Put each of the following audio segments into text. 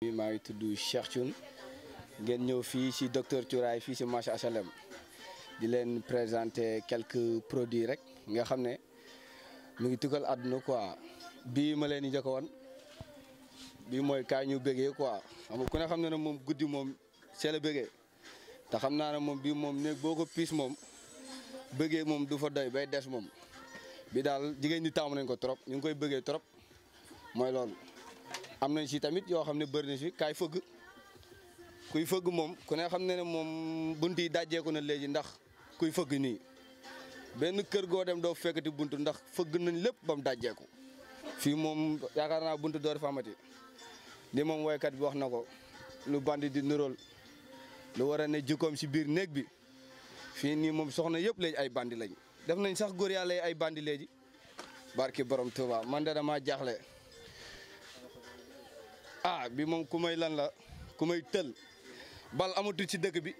maa ngi tudd Cheikh Thioune ngeen ñëw fii ci docteur Thiouraye fii ci marché HLM di leen présenter quelques produits rek nga xam ne mu ngi tukkal àdduna quoi bii ma leen di njëkk woon bii mooy kaa ñu bëggee quoi xam ku ne xam ne ne moom guddi moom c'est la bëggee te xam naa ne moom bii moom néeg boo ko piis moom bëggee moom du fa doy bay des moom bi daal jigéen ñi taamu nañ ko trop ñu ngi koy bëggee trop mooy loolu. am nañ si tamit yoo xam ne bëri na si kaay fëgg kuy fëgg moom ku ne xam ne ne moom bunt yi dajjeeku na léegi ndax kuy fëgg nii benn kër goo dem doo fekkati bunt ndax fëgg nañ lépp ba mu dajjeeku fii moom yaakaar naa bunt door famati li moom woykat bi wax na ko lu bandi di nurool lu war a ne jikkoom si biir néeg bi fii nii moom soxna yëpp léegi ay bandi lañ def nañ sax góor yàlla ay bandi léegi barki borom Tuuba man de ma jaaxle ah bi moom ku may lan la ku may tël bal amatu ci dëkk bi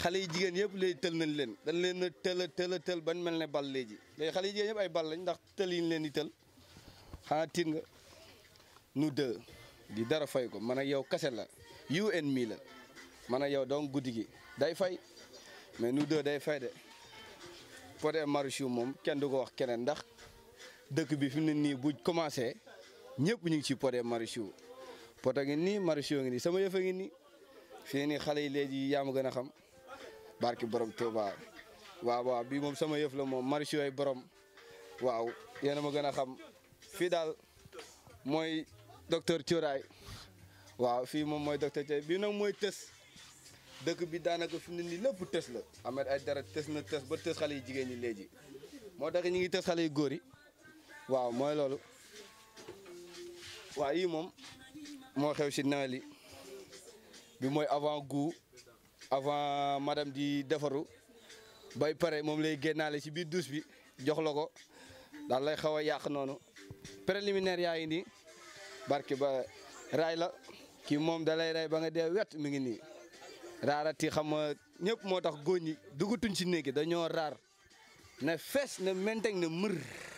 xale yi jigéen yëpp léegi tël nañ leen dañ leen a tël a tël a tël bañ mel ne bal léegi léegi xale yi jigéen yëpp ay bal lañ ndax tël yi ñu leen di tël xanaa tiit nga nu deux di dara fay ko man ak yow kase la you and la man ak yow donc guddi gi day fay mais nu deux day fay de Pod Marichou moom kenn du ko wax keneen ndax dëkk bi fi mu ne nii bu commencé ñëpp ñu ngi ci Pod Marichou poto ngi nii maraîchers ngi nii sama yëfa ngi nii fii nii xale yi léegi yaa gën a xam barki borom Touba waaw waaw bii moom sama yëf la moom maraîchers ay borom waaw yéen a ma gën a xam fii daal mooy docteur Thioray waaw fii moom mooy docteur Thioray bii nag mooy tës dëkk bi daanaka fi mu ne nii lépp tës la. Ahmed Aïdara tës na tës ba tës xale yi jigéen ñi léegi moo tax ñu ngi tës xale yu góor yi waaw mooy loolu waaw yii moom. moo xew si nawet li bi mooy avant goût avant madame di defaru bay pare moom lay génnaale si biir douche bi jox la ko daal lay xaw a yàq noonu préliminaire yaa ngi nii barke ba raay la kii moom dalay lay ray ba nga dee wet mi ngi nii raarati xam nga ñëpp moo tax góor ñi dugatuñ si néegi dañoo raar na fees na menteg na mër